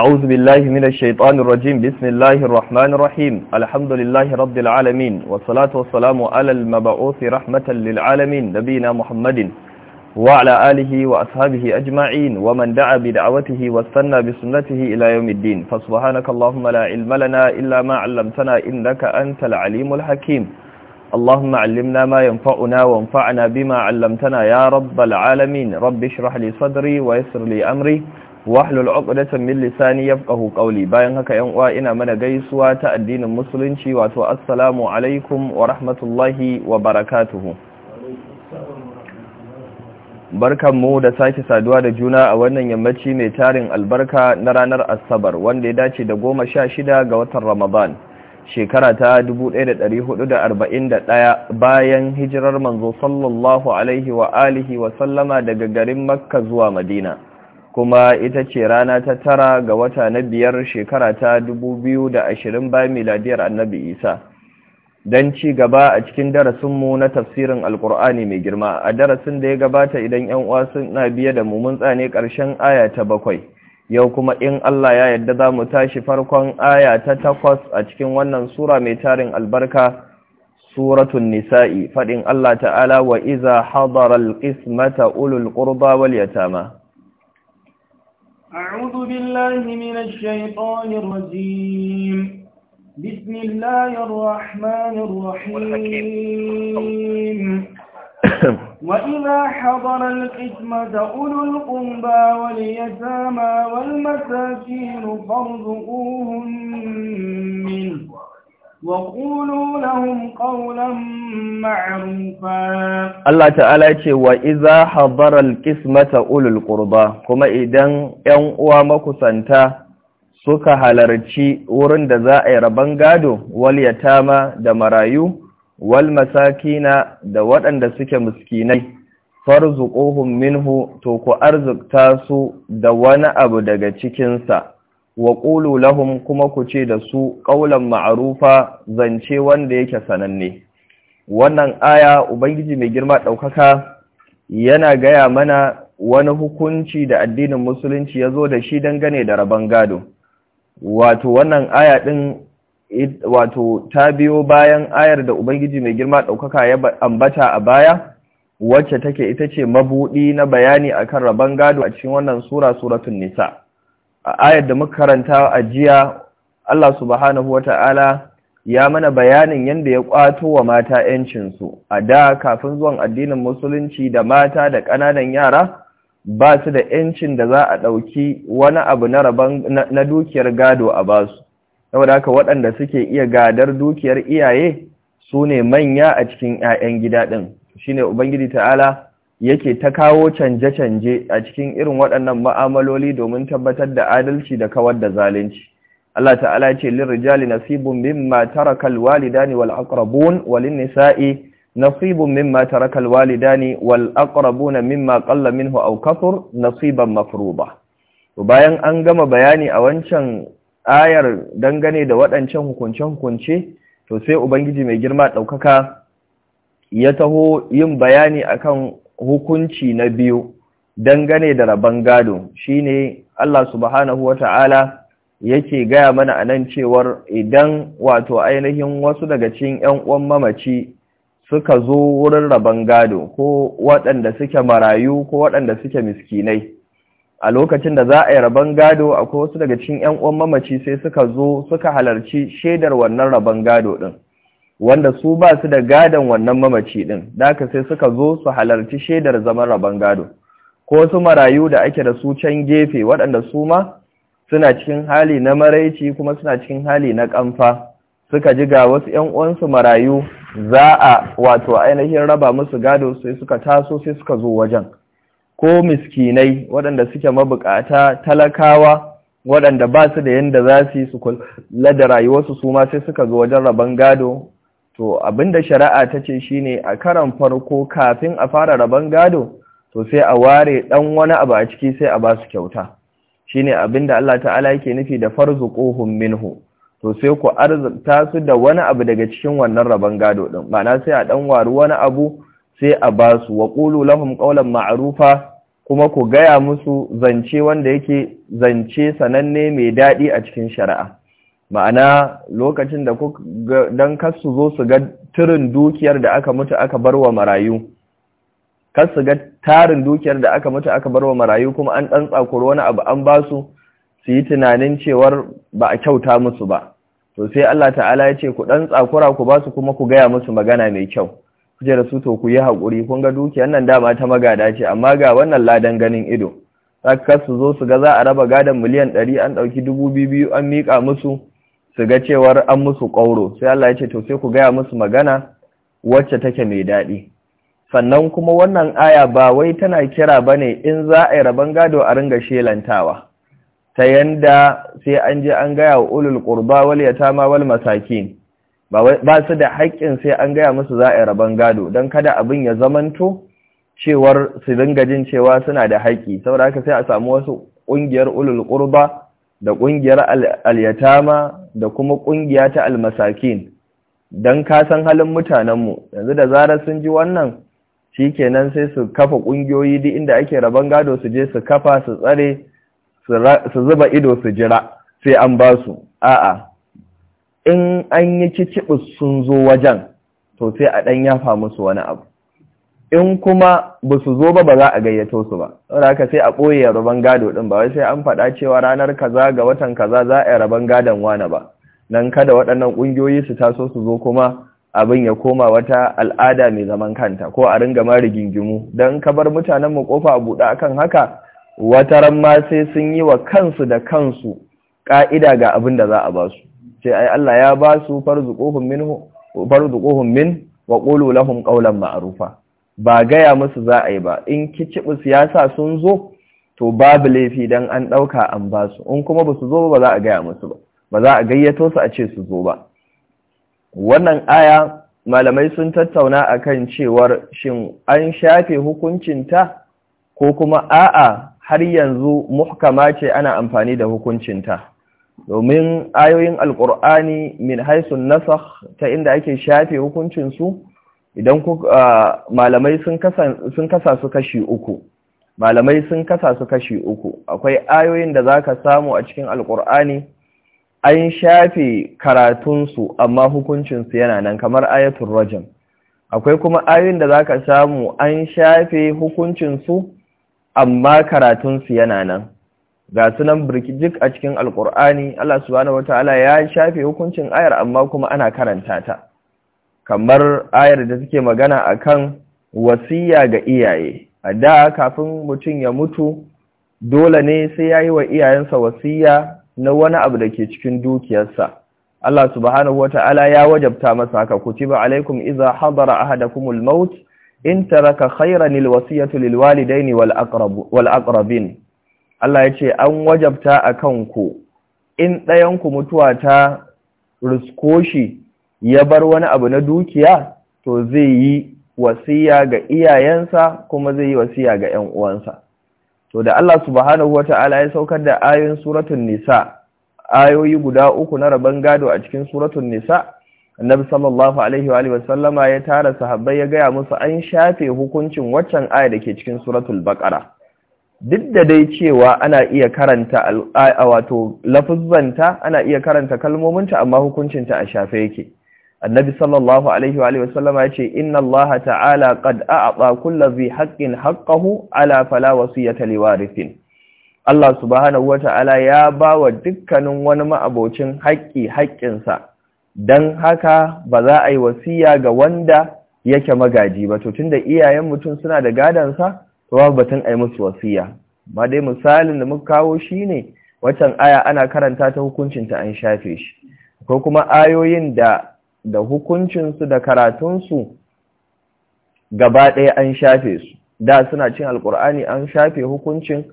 أعوذ بالله من الشيطان الرجيم بسم الله الرحمن الرحيم الحمد لله رب العالمين والصلاة والسلام على المبعوث رحمة للعالمين نبينا محمد وعلى آله وأصحابه أجمعين ومن دعا بدعوته واستنى بسنته إلى يوم الدين فسبحانك اللهم لا علم لنا إلا ما علمتنا إنك أنت العليم الحكيم اللهم علمنا ما ينفعنا وانفعنا بما علمتنا يا رب العالمين رب اشرح لي صدري ويسر لي أمري wahlul uqdatan min lisani yafqahu qawli bayan haka yan uwa ina mana gaisuwa ta addinin musulunci wato assalamu alaikum wa rahmatullahi wa barakatuhu barkanmu da sake saduwa da juna a wannan yammaci mai tarin albarka na ranar asabar wanda ya dace da goma sha shida ga watan ramadan shekara ta 1441 bayan hijirar manzo sallallahu alaihi wa alihi wa sallama daga garin makka zuwa madina kuma ita ce rana ta tara ga wata na biyar shekara ta da ashirin bayan miladiyar annabi isa don ci gaba a cikin darasinmu na tafsirin alkur'ani mai girma a darasin da ya gabata idan yan uwa suna biya da mumun tsane ƙarshen aya ta bakwai yau kuma in allah ya yarda za mu tashi farkon aya ta takwas a cikin wannan sura mai tarin albarka suratun nisa'i faɗin allah ta'ala wa iza Hadaral ƙismata ulul ƙurba wal yatama أعوذ بالله من الشيطان الرجيم بسم الله الرحمن الرحيم وإذا حضر القسمة أولو القنبى واليتامى والمساكين فارزقوهم منه وقولوا لهم قولا معروفا الله تعالى يقول واذا حضر القسمه اولو القربى كما اذا ان uwa makusanta suka halarci wurin da za a yi rabon gado wal yatama da marayu wal masakina da waɗanda suke miskinai farzuquhum minhu to ku arzikta su da wani abu daga cikinsa wa ƙulu lahum kuma ku ce da su ƙaulan ma'arufa zance wanda yake sananne wannan aya ubangiji mai girma ɗaukaka yana gaya mana wani hukunci da addinin musulunci ya zo da shi dangane da rabon gado wato wannan aya ɗin wato ta biyo bayan ayar da ubangiji mai girma ɗaukaka ya ambata a baya wacce take ita ce mabuɗi na bayani akan rabon gado a cikin wannan sura suratun nisa' a ayar da muka karanta a jiya Allah subhanahu wata'ala ya mana bayanin yadda ya kwato wa mata 'yancinsu a da kafin zuwan addinin musulunci da mata da ƙananan yara ba su da 'yancin da za a ɗauki wani abu na rabon na dukiyar gado a ba basu saboda haka waɗanda suke iya gadar dukiyar iyaye su ne manya a cikin 'ya'yan gida ɗin shine ubangiji ta'ala yake ta kawo canje-canje a cikin irin waɗannan ma'amaloli domin tabbatar da adalci da kawar da zalunci Allah ta'ala ce lirrijali nasibun mimma tarakal walidani wal aqrabun wal nisa'i nasibun mimma tarakal walidani wal aqrabuna mimma qalla minhu aw kathur nasiban mafruba bayan an gama bayani a wancan ayar dangane da waɗancan hukunce-hukunce to sai ubangiji mai girma ɗaukaka ya taho yin bayani akan hukunci na biyu dangane da rabon gado shine Allah subhanahu ta'ala yake gaya mana nan cewar idan wato ainihin wasu daga cikin yan uwan mamaci suka zo wurin rabon gado ko waɗanda suke marayu ko waɗanda suke miskinai a lokacin da za a yi rabon gado akwai wasu daga cikin yan uwan mamaci sai suka zo suka halarci shaidar wannan rabon gado ɗin wanda su ba su da gadon wannan mamaci din daka sai suka zo su halarci shaidar zaman rabon gado ko su marayu da ake da su can gefe waɗanda su ma suna cikin hali na maraici kuma suna cikin hali na ƙamfa suka ji ga wasu 'yan'uwansu uwansu marayu za a wato ainihin raba musu gado sai suka taso sai suka zo wajen ko miskinai waɗanda suke mabukata talakawa waɗanda ba su da yadda za su yi su kula da rayuwarsu su ma sai suka zo wajen rabon gado to abinda shari'a ta ce shine a karan farko kafin a fara rabon gado to sai a ware ɗan wani abu a ciki sai a ba su kyauta shine abinda Allah ta'ala yake nufi da farzuquhum minhu to sai ku arzuta su da wani abu daga cikin wannan rabon gado ɗin? ma'ana sai a ɗan waru wani abu sai a ba su wa qulu lahum qawlan ma'rufa kuma ku gaya musu zance wanda yake zance sananne mai daɗi a cikin shari'a ma'ana lokacin da don kasu zo su ga turin dukiyar da aka mutu aka barwa marayu kasu ga tarin dukiyar da aka mutu aka barwa marayu kuma an ɗan tsakuri wani abu an ba su su yi tunanin cewar ba a kyauta musu ba to sai Allah ta'ala ya ce ku ɗan tsakura ku ba su kuma ku gaya musu magana mai kyau ku je da su to ku yi haƙuri kun ga dukiyar nan dama ta magada ce amma ga wannan ladan ganin ido za su zo su ga za a raba gadon miliyan ɗari an ɗauki dubu an mika musu su ga cewar an musu ƙauro sai Allah ya ce to sai ku gaya musu magana wacce take mai daɗi sannan kuma wannan aya ba wai tana kira ba ne in za a yi rabon gado a ringa shelantawa ta yanda sai an je an gaya wa ulul ƙurba wal ma wal masaki ba su da haƙƙin sai an gaya musu za a yi rabon gado don kada abin ya zamanto cewar su dinga jin cewa suna da haƙƙi saboda haka sai a samu wasu ƙungiyar ulul ƙurba da ƙungiyar al-yatama da kuma ƙungiya ta al-masakin don kasan halin mutanenmu yanzu da zarar sun ji wannan shi kenan sai su kafa ƙungiyoyi duk inda ake rabon gado su je su kafa su tsare su zuba ido su jira sai an ba su a'a in an yi cicibus sun zo wajen to sai a ɗan yafa musu wani abu in kuma ba su zo ba ba za a gayyato su ba saboda haka sai a ɓoye rabon gado ɗin ba wai sai an faɗa cewa ranar kaza ga watan kaza za a yi rabon gadon wane ba nan kada waɗannan ƙungiyoyi su taso su zo kuma abin ya koma wata al'ada mai zaman kanta ko a ringa ma rigingimu don ka bar mutanen mu kofa a buɗe akan haka wata ran ma sai sun yi wa kansu da kansu ƙa'ida ga abin da za a ba sai ai Allah ya ba su farzuquhum minhu min wa lahum qawlan ma'rufa ba gaya musu za a yi ba in kicibus ya sa sun zo to babu laifi dan an ɗauka an ba su in kuma ba su zo ba za a gaya musu ba ba za a gayyato su a ce su zo ba wannan aya malamai sun tattauna a kan cewar shin an shafe hukuncinta ko kuma a'a har yanzu muhkama ce ana amfani da hukuncinta domin ayoyin alkur'ani min haisun nasakh ta inda ake shafe hukuncinsu idan ku ah, malamai sun kasa su kashi uku malamai sun kasa su kashi uku akwai ayoyin da zaka samu a cikin alqur'ani an shafe karatunsu amma hukuncinsu yana nan kamar ayatul rajam akwai kuma ayoyin da zaka samu an shafe hukuncinsu amma karatunsu yana nan ga sunan birkijik a cikin alkur'ani Allah subhanahu wataala ya shafe hukuncin ayar amma kuma ana karanta ta kamar ayar da take magana akan wasiya ga iyaye a da kafin mutum ya mutu dole ne sai ya yi wa iyayensa wasiya na wani abu da ke cikin dukiyarsa Allah subhanahu Ta'ala ya wajabta masa haka kutiba alaikum iza hadara ahadakumul maut in taraka khayran alwasiyatu lilwalidaini wal aqrab wal aqrabin Allah yace an wajabta akan ku in ɗayanku mutuwa ta ruskoshi ya bar wani abu na dukiya to zai yi wasiya ga iyayensa kuma zai yi wasiya ga ‘yan uwansa to da Allah subhanahu ta'ala ya saukar da ayoyin suratun nisa ayoyi guda uku na rabon gado a cikin suratun nisa annabi sallallahu alaihi wa sallama ya tara sahabbai ya gaya musu an shafe hukuncin waccan aya da ke cikin suratul bakara. duk da dai cewa ana iya karanta wato lafuzzanta ana iya karanta kalmominta amma hukuncinta a shafe yake annabi sallallahu alaihi wa alihi wasallama yace inna allaha ta'ala qad a'ta kulli dhi haqqin haqqahu ala fala wasiyata liwarithin Allah subhanahu ta'ala ya bawa dukkanin wani ma'abocin haƙƙi sa dan haka ba za a yi wasiya ga wanda yake magaji ba to tunda iyayen mutum suna da gadan sa to batun yi musu wasiya ba dai misalin da muka kawo shine waccan aya ana karanta ta hukuncin ta an shafe shi ko kuma ayoyin da da hukuncinsu da karatunsu gaba ɗaya an shafe su da suna cin alkur'ani an shafe hukuncin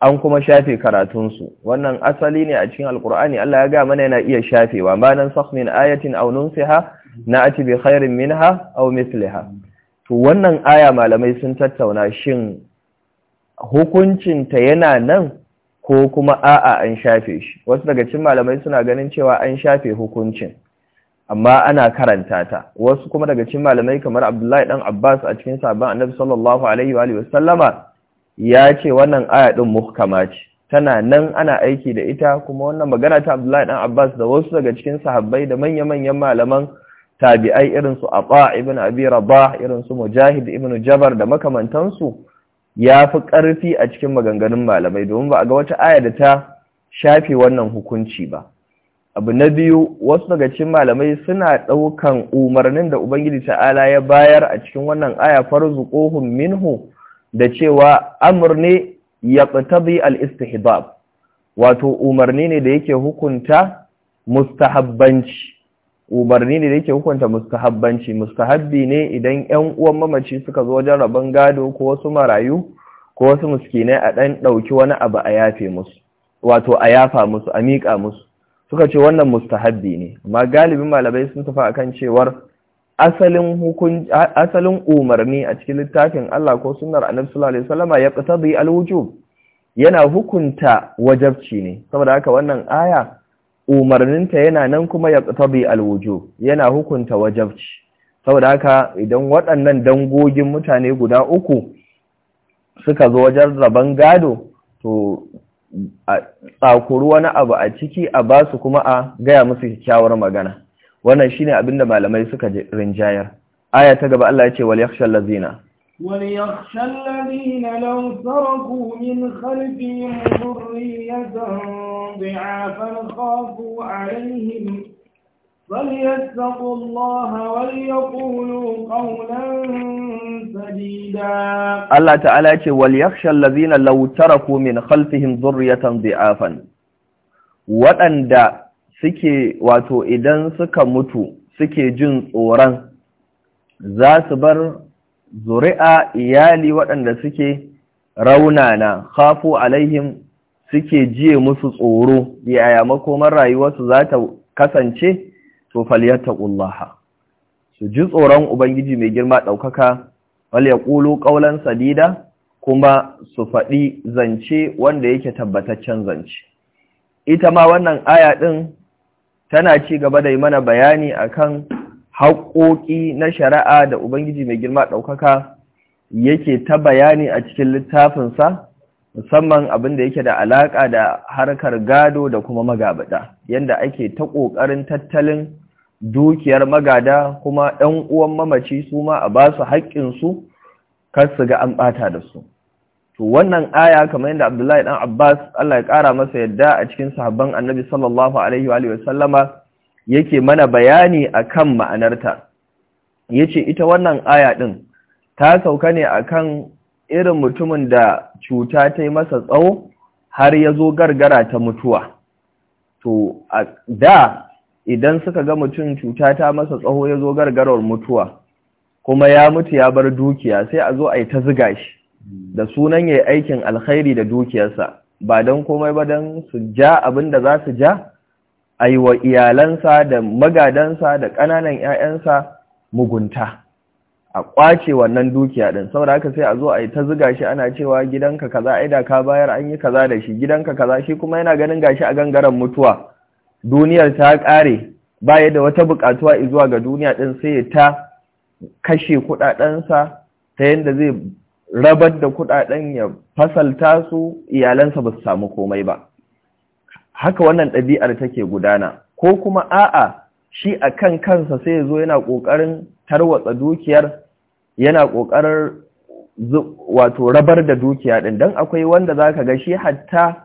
an kuma shafe karatunsu wannan asali ne a cikin alkur'ani Allah ya ga mana yana iya shafewa Ma nan min ayatin aw nunsiha na'ati bi khairin minha aw mithliha to wannan aya malamai sun tattauna shin hukuncinta yana nan ko kuma a'a an shafe shi wasu daga cikin malamai suna ganin cewa an shafe hukuncin amma ana karanta ta wasu kuma daga cikin malamai kamar Abdullahi dan Abbas a cikin sabon Annabi sallallahu alaihi wa alihi sallama ya ce wannan aya din muhkama ce tana nan ana aiki da ita kuma wannan magana ta Abdullahi dan Abbas da wasu daga cikin sahabbai da manya-manyan malaman tabi'ai irin su Aba ibn Abi Rabah irin su Mujahid ibn Jabar da makamantansu ya fi ƙarfi a cikin maganganun malamai domin ba a ga wata aya da ta shafe wannan hukunci ba abu na biyu wasu daga cikin malamai suna ɗaukan umarnin da ubangiji ta'ala ya bayar a cikin wannan aya farzu farzuquhum minhu da cewa amr ne yaqtabi al-istihbab wato umarni ne da yake hukunta mustahabbanci umarni ne da yake hukunta mustahabbanci mustahabbi ne idan 'yan uwan mamaci suka zo wajen rabon gado ko wasu marayu ko wasu muskinai a ɗan ɗauki wani abu a yafe musu wato a yafa musu a miƙa musu suka ce wannan mustahabbi ne amma galibin malamai sun tafi akan cewar asalin hukun asalin umarni a cikin littafin Allah ko sunnar Annabi sallallahu alaihi wasallama ya qatadi alwujub yana hukunta wajabci ne saboda haka wannan aya umarninta yana nan kuma ya qatadi alwujub yana hukunta wajabci saboda haka idan waɗannan dangogin mutane guda uku suka zo wajen rabon gado to a tsakuru wani abu a ciki a basu kuma a gaya musu kyakkyawar magana wannan shine abin da malamai suka rinjayar aya ta gaba Allah ya ce wal yakhshal ladina wal yakhshal ladina law saraku min khalfihim dhurriyatan bi'afan khafu alaihim فليتقوا الله وليقولوا قولا سديدا الله تعالى يقول وليخشى الذين لو تركوا من خلفهم ذرية ضعافا waɗanda suke wato idan suka mutu suke jin tsoron za su bar zuri'a iyali waɗanda suke raunana khafu alaihim suke jiye musu tsoro yaya makomar rayuwarsu za ta kasance to falyattaqullaha su ji tsoron ubangiji mai girma ɗaukaka wal ƙulu ƙaunar sadida kuma su faɗi zance wanda yake tabbataccen zance ita ma wannan aya ɗin tana ci gaba da yi mana bayani akan haƙoƙi na shari'a da ubangiji mai girma ɗaukaka yake ta bayani a cikin littafinsa musamman abin da yake da alaƙa da harkar gado da kuma magabata yadda ake ta ƙoƙarin tattalin dukiyar magada kuma ɗan uwan mamaci su ma a ba su haƙƙinsu kar su ga an ɓata da su to wannan aya kamar yadda abdullahi ɗan abbas allah ya ƙara masa yadda a cikin sahabban annabi sallallahu alaihi wa sallama yake mana bayani a kan ma'anarta Ya ce ita wannan aya ɗin ta sauka ne a kan irin mutumin da cuta ta yi masa tsawo har ya zo gargara ta mutuwa to a da idan suka ga mutum cuta ta masa tsaho ya zo gargarar mutuwa kuma ya mutu ya bar dukiya sai a zo a yi ta ziga shi da sunan ya yi aikin alkhairi da dukiyarsa ba don komai ba don su ja abin da za su ja a yi wa iyalansa da magadansa da ƙananan 'ya'yansa mugunta a ƙwace wannan dukiya ɗin saboda haka sai a zo a yi ta ziga shi ana cewa gidanka kaza ai da ka bayar an yi kaza da shi gidanka kaza shi kuma yana ganin gashi a gangaren mutuwa duniyar ta ƙare baya da wata buƙatuwa zuwa ga duniya ɗin sai ya ta kashe kuɗaɗensa ta yadda zai rabar da kuɗaɗen ya fasalta su iyalansa ba su samu komai ba haka wannan ɗabi'ar take gudana ko kuma a'a shi a kan kansa sai ya zo yana ƙoƙarin tarwatsa dukiyar yana ƙoƙarin wato rabar da dukiya ɗin don akwai wanda za ka ga shi hatta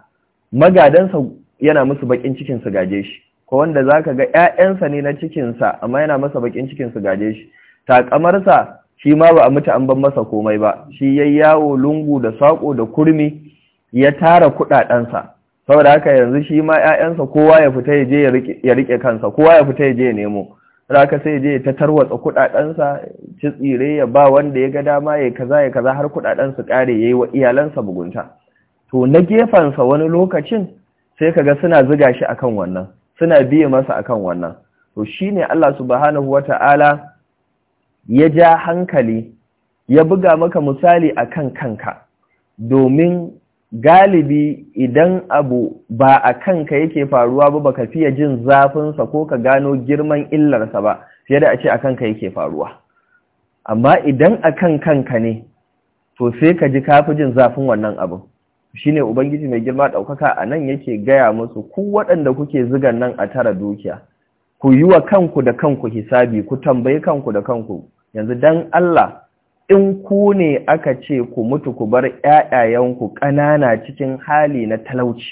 magadansa yana musu bakin cikin su gaje shi ko wanda zaka ga ƴaƴansa ne na cikin sa amma yana masa bakin cikin su gaje shi takamar sa shi ma ba a mutu an ban masa komai ba shi yayi yawo lungu da sako da kurmi ya tara kudaden sa saboda haka yanzu shi ma ƴaƴansa kowa ya fita ya je ya rike kansa kowa ya fita ya je ya nemo haka sai je ta tarwatsa sa ci tsire ya ba wanda ya ga dama ya kaza ya kaza har kudaden su kare yayi wa iyalansa bugunta to na gefansa wani lokacin sai kaga suna ziga shi akan wannan suna biye masa akan wannan to shine Allah subhanahu wata'ala ya ja hankali ya buga maka misali akan kanka domin galibi idan abu ba a kanka yake faruwa ba baka fiye jin zafinsa ko ka gano girman illarsa ba fiye da a ce a kanka yake faruwa amma idan a kan kanka ne to sai ka ji kafi jin zafin wannan abin shine ubangiji mai girma ɗaukaka a nan yake gaya musu ku waɗanda kuke ziga nan a tara dukiya ku yi wa kanku da kanku hisabi ku tambayi kanku da kanku yanzu dan Allah in ku ne aka ce ku mutu ku bar ƴaƴayenku ƙanana cikin hali na talauci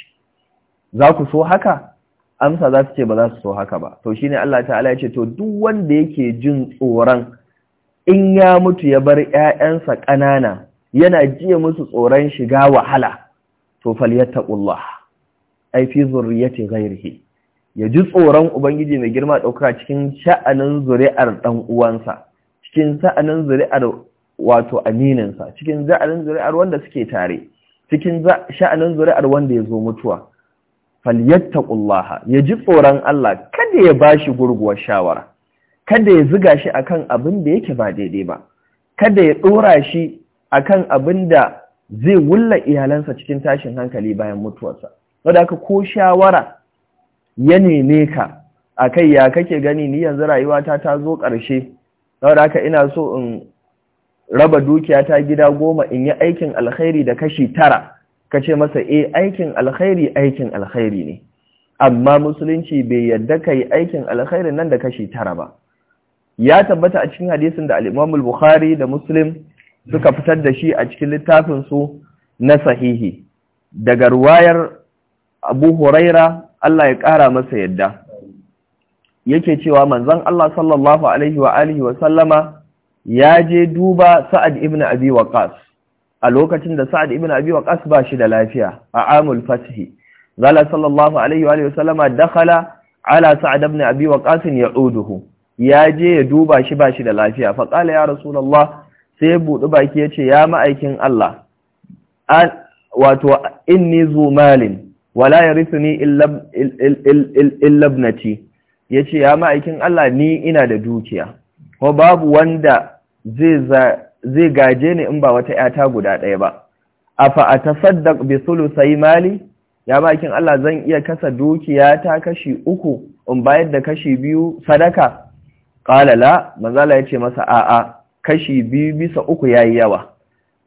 za ku so haka amsa za su ce ba za su so haka ba to shine Allah ta'ala ya ce to duk wanda yake jin tsoron in ya mutu ya bar 'ya'yansa ƙanana yana jiya musu tsoron shiga wahala to falyattaqullah ai fi zurriyati ghairihi ya ji tsoron ubangiji mai girma ɗauka cikin sha'anin zuri'ar dan uwansa cikin sha'anin zuri'ar wato amininsa cikin sha'anin zuri'ar wanda suke tare cikin sha'anin zuri'ar wanda ya zo mutuwa falyattaqullaha ya ji tsoron Allah kada ya bashi gurguwar shawara kada ya ziga shi akan abin da yake ba daidai ba kada ya dora shi akan abin da zai wulla iyalansa cikin tashin hankali bayan mutuwarsa wadda aka ko shawara ya neme ka a kai ya kake gani ni yanzu rayuwata ta zo ƙarshe wadda aka ina so in raba dukiya ta gida goma in yi aikin alkhairi da kashi tara ka ce masa e aikin alkhairi aikin alkhairi ne amma musulunci bai yadda ka yi aikin alkhairi nan da kashi tara ba ya tabbata a cikin hadisin da al'imamul bukhari da muslim suka fitar da shi a cikin littafin su na sahihi daga ruwayar Abu Huraira Allah ya ƙara masa yadda yake cewa manzan. Allah sallallahu alaihi wa alihi wa sallama ya je duba Sa'ad ibn Abi Waqas a lokacin da Sa'ad ibn Abi Waqas ba shi da lafiya a amul fathi zala sallallahu alaihi wa alihi wa sallama dakhala ala Sa'ad ibn Abi ya ya'uduhu ya je ya duba shi ba shi da lafiya fa qala ya rasulullah sai buɗi baki ya ce ya ma'aikin Allah wato ni zu malin wala ya illa ni yace ya ma'aikin Allah ni ina da dukiya ko babu wanda zai gaje ni in ba wata yata guda ɗaya ba A fa’ata atasaddaq bi sai mali ya ma'aikin Allah zan iya kasa dukiya ta kashi uku in bayar da kashi biyu sadaka Ƙalala, la ya yace masa a'a kashi biyu bisa uku ya yi yawa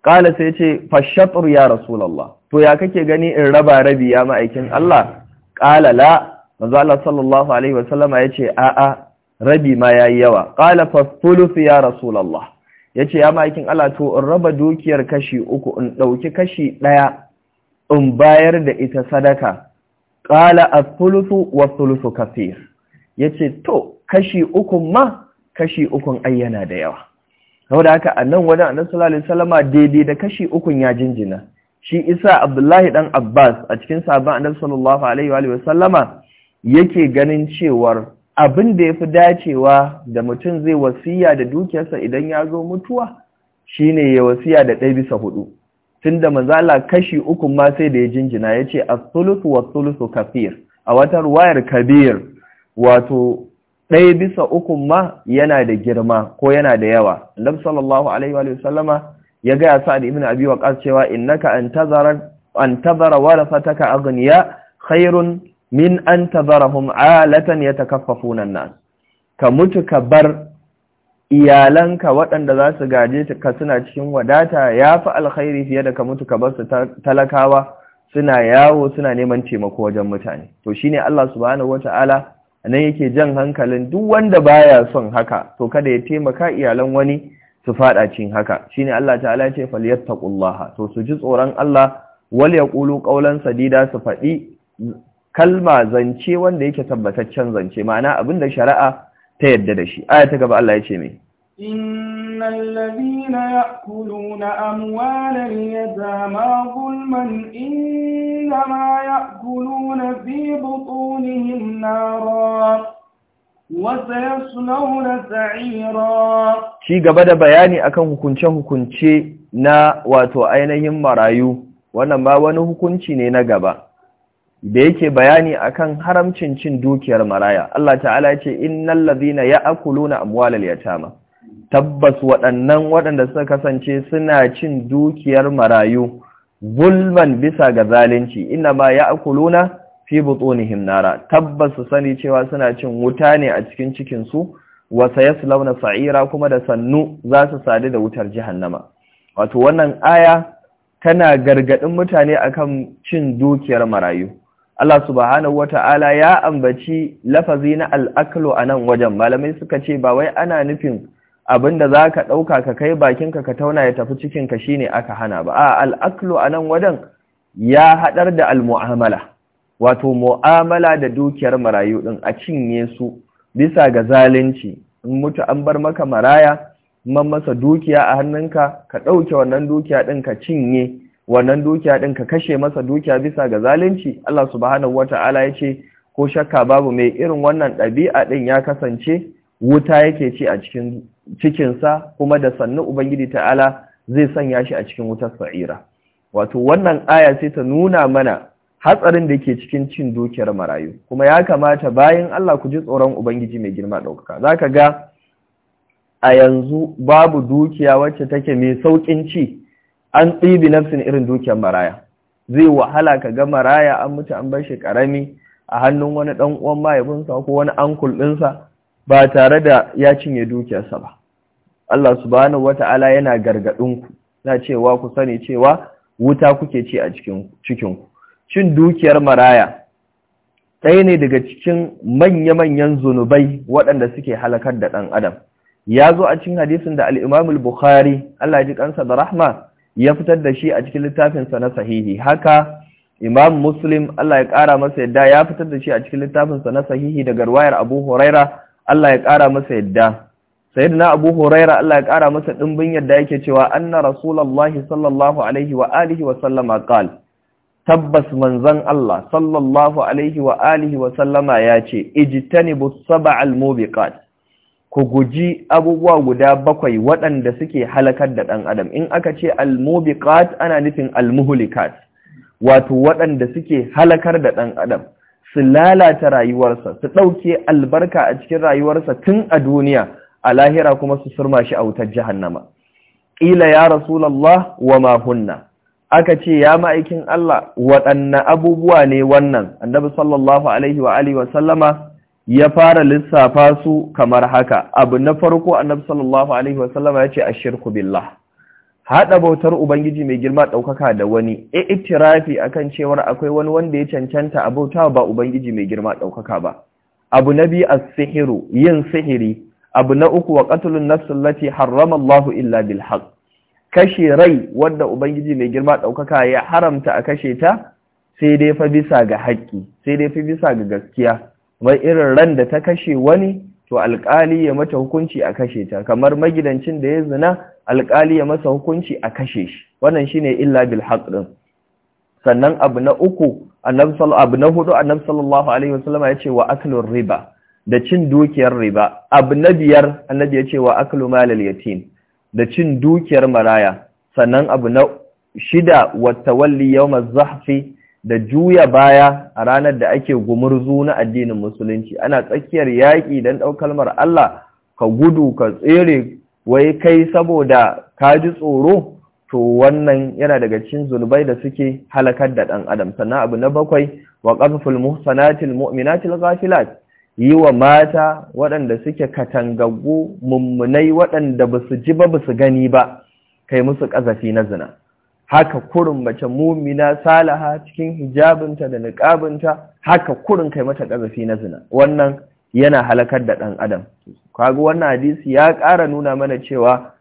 qala sai ce fashatur ya rasulallah. to ya kake gani in raba rabi ya ma'aikin Allah qala la manzo Allah sallallahu alaihi wasallama yace a a rabi ma ya yi yawa ƙala fa ya rasulullah yace ya ma'aikin Allah to in raba dukiyar kashi uku in ɗauki kashi ɗaya, in bayar da ita sadaka kala a thuluthu wa thuluthu kathir yace to kashi uku ma kashi ukun ayyana da yawa saboda haka a nan wajen annabi sallallahu alaihi salama daidai da kashi ukun ya jinjina shi isa abdullahi dan abbas a cikin sabon annabi sallallahu alaihi wa sallama yake ganin cewar abin da ya fi dacewa da mutum zai wasiya da dukiyarsa idan ya zo mutuwa shine ya wasiya da ɗaya bisa hudu tunda manzala kashi ukun ma sai da ya jinjina ya ce thuluth wa sulusu kafir a wata wayar kabir wato ɗaya bisa ukun ma yana da girma ko yana da yawa annabi sallallahu alaihi wa sallama ya gaya ya sa'ad ibn abi waqas cewa innaka antazara ka warafataka aghniya khairun min an antazarahum alatan yatakaffafuna an-nas ka mutu ka bar iyalanka waɗanda za su gaje ka suna cikin wadata ya fi alkhairi fiye da ka mutu ka su talakawa suna yawo suna neman taimako wajen mutane to shine Allah subhanahu wata'ala nan yake jan hankalin duk wanda baya son haka to kada ya taimaka iyalan wani su fada cin haka shine Allah ta'ala ce falyattaqullaha to su ji tsoron Allah wal yaqulu qawlan sadida su fadi kalma zance wanda yake tabbataccen zance ma'ana abinda shari'a ta yadda da shi aya ta gaba Allah ya ce mai إن الذين يأكلون أموال اليتامى ظلما إنما يأكلون في بطونهم نارا وسيصلون سعيرا شي gaba da bayani akan hukunce-hukunce na wato ainihin marayu wannan ma wani hukunci ne na gaba da yake bayani akan haramcin cin dukiyar maraya Allah ta'ala ya ce innal na ya'kuluna amwalal yatama tabbas waɗannan waɗanda suka kasance suna cin dukiyar marayu zulman bisa ga zalunci inna ma akuluna fi butunihim nara tabbas su sani cewa suna cin wuta ne a cikin cikin su wa sayaslawna sa'ira kuma da sannu za su sadu da wutar jahannama wato wannan aya tana gargadin mutane akan cin dukiyar marayu Allah subhanahu wata'ala ya ambaci lafazi na al'aklu a nan wajen malamai suka ce ba wai ana nufin Abin da za ka ɗauka ka kai bakinka ka tauna ya tafi cikinka shi ne aka hana ba a al'aklu a nan wadan ya haɗar da al'mu'amala wato mu'amala da dukiyar marayu ɗin a cinye su bisa ga zalunci in mutu an bar maka maraya man masa dukiya a hannunka ka ɗauke wannan dukiya ɗin ka cinye wannan dukiya ɗin ka kashe masa dukiya bisa ga zalunci Allah subhanahu wata'ala ya ce ko shakka babu mai irin wannan ɗabi'a ɗin ya kasance wuta yake ci a cikin cikinsa kuma da sannu ubangiji ta'ala zai sanya shi a cikin wutar sa'ira wato wannan aya sai ta nuna mana hatsarin da ke cikin cin dukiyar marayu kuma ya kamata bayan Allah ku ji tsoron ubangiji mai girma ɗaukaka za ka ga a yanzu babu dukiya wacce take mai sauƙin ci an tsibi nafsin irin dukiyar maraya zai wahala ka ga maraya an mutu an bar shi ƙarami a hannun wani ɗan uwan mahaifinsa ko wani ankul ɗinsa ba tare da ya cinye dukiyarsa ba Allah subhanahu wata'ala yana gargadin ku na cewa ku sani cewa wuta kuke ci a cikinku. cin dukiyar maraya ɗaya ne daga cikin manya-manyan zunubai waɗanda suke halakar da ɗan adam ya zo a cikin hadisin da alimamul bukhari Allah ji kansa da rahma ya fitar da shi a cikin littafinsa na sahihi haka imam muslim Allah ya ƙara masa yadda ya fitar da shi a cikin littafinsa na sahihi daga ruwayar abu huraira Allah ya ƙara masa yadda na Abu Huraira Allah ya ƙara masa ɗimbin yadda yake cewa anna rasulullahi sallallahu alaihi wa alihi wa sallama tabbas manzon Allah sallallahu alaihi wa alihi wa sallama yace ijtanibu sab'al mubiqat ku guji abubuwa guda bakwai waɗanda suke halakar da ɗan adam in aka ce almubiqat ana nufin almuhlikat wato waɗanda suke halakar da ɗan adam su lalata rayuwarsa su ɗauke albarka a cikin rayuwarsa tun a duniya a lahira kuma su surma shi a wutar jahannama ƙila ya rasulallah wa mahunna aka ce ya ma'aikin Allah waɗanne abubuwa ne wannan annabi sallallahu alaihi wa alihi ya fara lissafa su kamar haka abu na farko annabi sallallahu alaihi wa ya ce ashirku billah haɗa bautar ubangiji mai girma ɗaukaka da wani e a kan cewar akwai wani wanda ya cancanta a bauta ba ubangiji mai girma ɗaukaka ba abu na biyu a sihiru yin sihiri abu na uku wa ƙatulun nafs lati harrama Allahu illa bil kashe rai wanda ubangiji mai girma ɗaukaka ya haramta a kashe ta sai dai fa bisa ga haƙƙi sai dai fa bisa ga gaskiya mai irin ran da ta kashe wani to alƙali ya mata hukunci a kashe ta kamar magidancin da ya zina alƙali ya masa hukunci a kashe shi wannan shine illa bil haqq din sannan abu na uku annab sallallahu abu na hudu annab sallallahu alaihi wasallama yace wa aklu riba da cin dukiyar riba abu na biyar annabi yace wa aklu malal yatim da cin dukiyar maraya sannan abu na shida wa tawalli yawmaz zahfi da juya baya a ranar da ake gumurzu na addinin musulunci ana tsakiyar yaƙi don ɗaukar Allah ka gudu ka tsere wai kai saboda ka ji tsoro to wannan yana daga cikin zunubai da suke halakar da ɗan adam sannan abu na bakwai wa qazful muhsanatil mu'minatil ghafilat yi wa mata waɗanda suke katangaggu mummunai waɗanda ba su ji ba ba su gani ba kai musu ƙazafi na zina haka kurin mace mumina salaha cikin hijabinta da niƙabinta haka kurin kai mata ƙazafi na zina wannan yana halakar da ɗan adam kaga wannan hadisi ya ƙara nuna mana cewa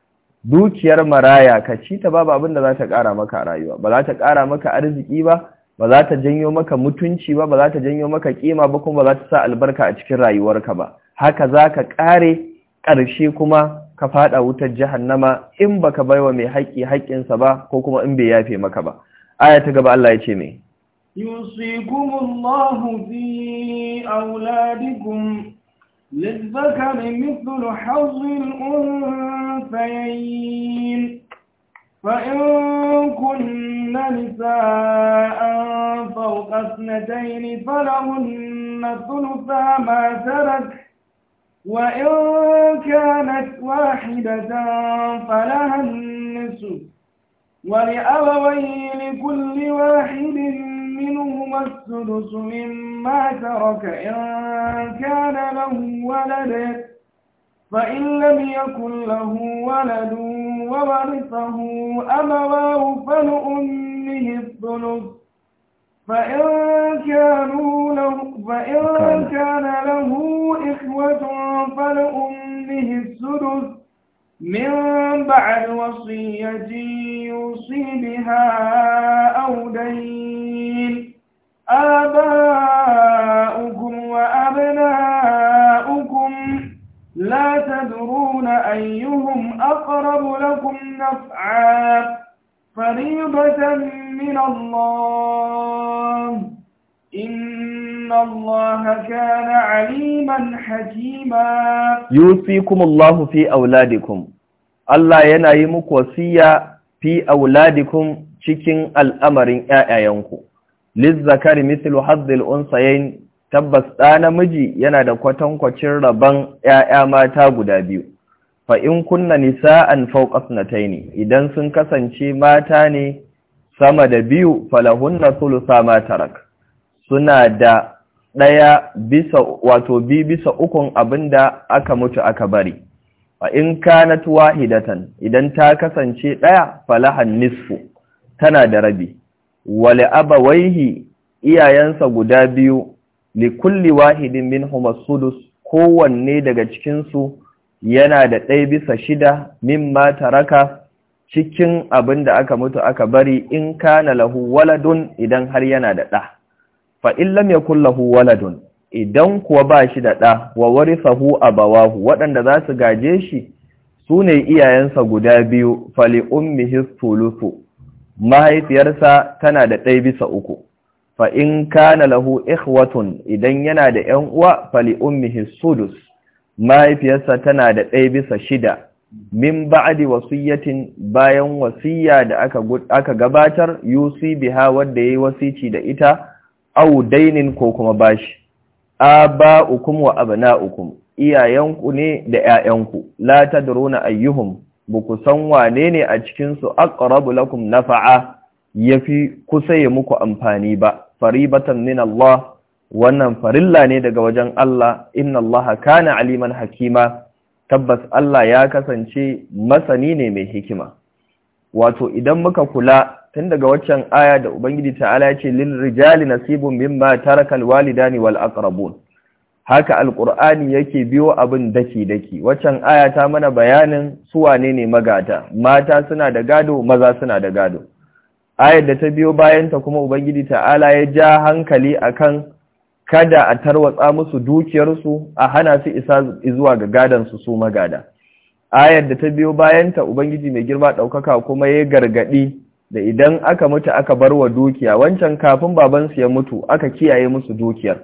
dukiyar maraya ka ci ta babu abin da za ta ƙara maka a rayuwa ba za ta ƙara maka arziki ba ba za ta janyo maka mutunci ba ba za ta janyo maka ƙima ba kuma ba za ta sa albarka a cikin rayuwarka ba haka za ka ƙare ƙarshe kuma ka faɗa wutar jahannama in ba baka baiwa mai haƙƙi haƙƙinsa ba ko kuma in bai yafe maka ba aya ta gaba Allah ya ce me yusikumullahu fi auladikum للذكر مثل حظ الأنثيين فإن كن نساء فوق اثنتين فلهن ثلثا ما ترك وإن كانت واحدة فلها النصف ولأبوي لكل واحد منهما السدس مما ترك إن كان له ولد فإن لم يكن له ولد وورثه أبواه فلأمه الثلث فإن كانوا له فإن كان له إخوة فلأمه السدس من بعد وصية يوصي بها أو دين آباؤكم وأبناؤكم لا تدرون أيهم أقرب لكم نفعا فريضة من الله إن الله كان عليما حكيما يوصيكم الله في أولادكم Allah yana yi muku wasiya fi auladikum cikin al'amarin ‘ya'yayenku, lizzakari mithlu hazzil unsayen tabbas da namiji yana da kwatankwacin rabon ‘ya'ya mata guda biyu, fa in kunna nisa'an fawqa na idan sun kasance mata ne sama da biyu falahunna ma matarak, suna da ɗaya bisa wato bi bisa ukun abin da aka mutu aka bari. fa in kanat wahidatan idan ta kasance ɗaya falahan nisfu tana da rabi wali abawaihi iyayensa guda biyu li kulli wahidin minhum as kowanne daga cikin su yana da ɗaya bisa shida min mimma taraka cikin abin da aka mutu aka bari in kana lahu waladun idan har yana da ɗa fa in lam kun lahu waladun idan kuwa ba shi da ɗa wa a abawahu waɗanda za su gaje shi su ne iyayensa guda biyu fali ummihi tulusu mahaifiyarsa tana da ɗai bisa uku fa in kana lahu ikhwatun idan yana da ƴan uwa fali ummihi sudus mahaifiyarsa tana da ɗai bisa shida min ba'adi wasiyatin bayan wasiyya da aka aka gabatar yusi biha wanda yayi wasici da ita au dainin ko kuma bashi aba'ukum wa abna'ukum iyayenku ne da ƴaƴanku la tadruna ayyuhum buku san wane ne a cikin su aqrabu lakum nafa'a yafi kusa muku amfani ba faribatan min Allah wannan farilla ne daga wajen Allah inna Allah kana aliman hakima tabbas Allah ya kasance masani ne mai hikima wato idan muka kula tun daga waccan aya da ubangiji ta'ala ya ce lil rijali nasibun mimma taraka alwalidani wal aqrabun haka alqur'ani yake biyo abin daki daki waccan aya ta mana bayanin su wane ne magata mata suna da gado maza suna da gado ayar da ta biyo bayan ta kuma ubangiji ta'ala ya ja hankali akan kada a tarwatsa musu dukiyarsu a hana su isa zuwa ga gadansu su magada ayar da ta biyo bayan ta ubangiji mai girma daukaka kuma ya gargadi da idan aka mutu aka bar wa dukiya wancan kafin babansu ya mutu aka kiyaye musu dukiyar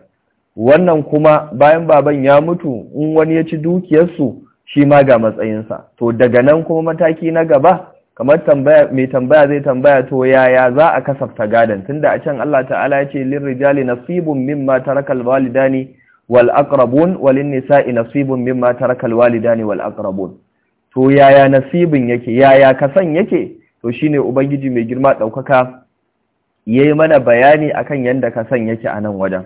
wannan kuma bayan baban ya mutu in wani ya ci dukiyarsu shi ma ga matsayinsa to daga nan kuma mataki na gaba kamar tambaya mai tambaya zai tambaya to yaya za a kasafta gadon tunda a can Allah ta'ala ya ce lir rijali nasibun mimma tarakal walidani wal aqrabun wal nisa'i nasibun mimma tarakal walidani wal aqrabun to yaya nasibin yake yaya kasan yake to shine ubangiji mai girma ɗaukaka yi mana bayani akan yadda ka san yake a nan wajen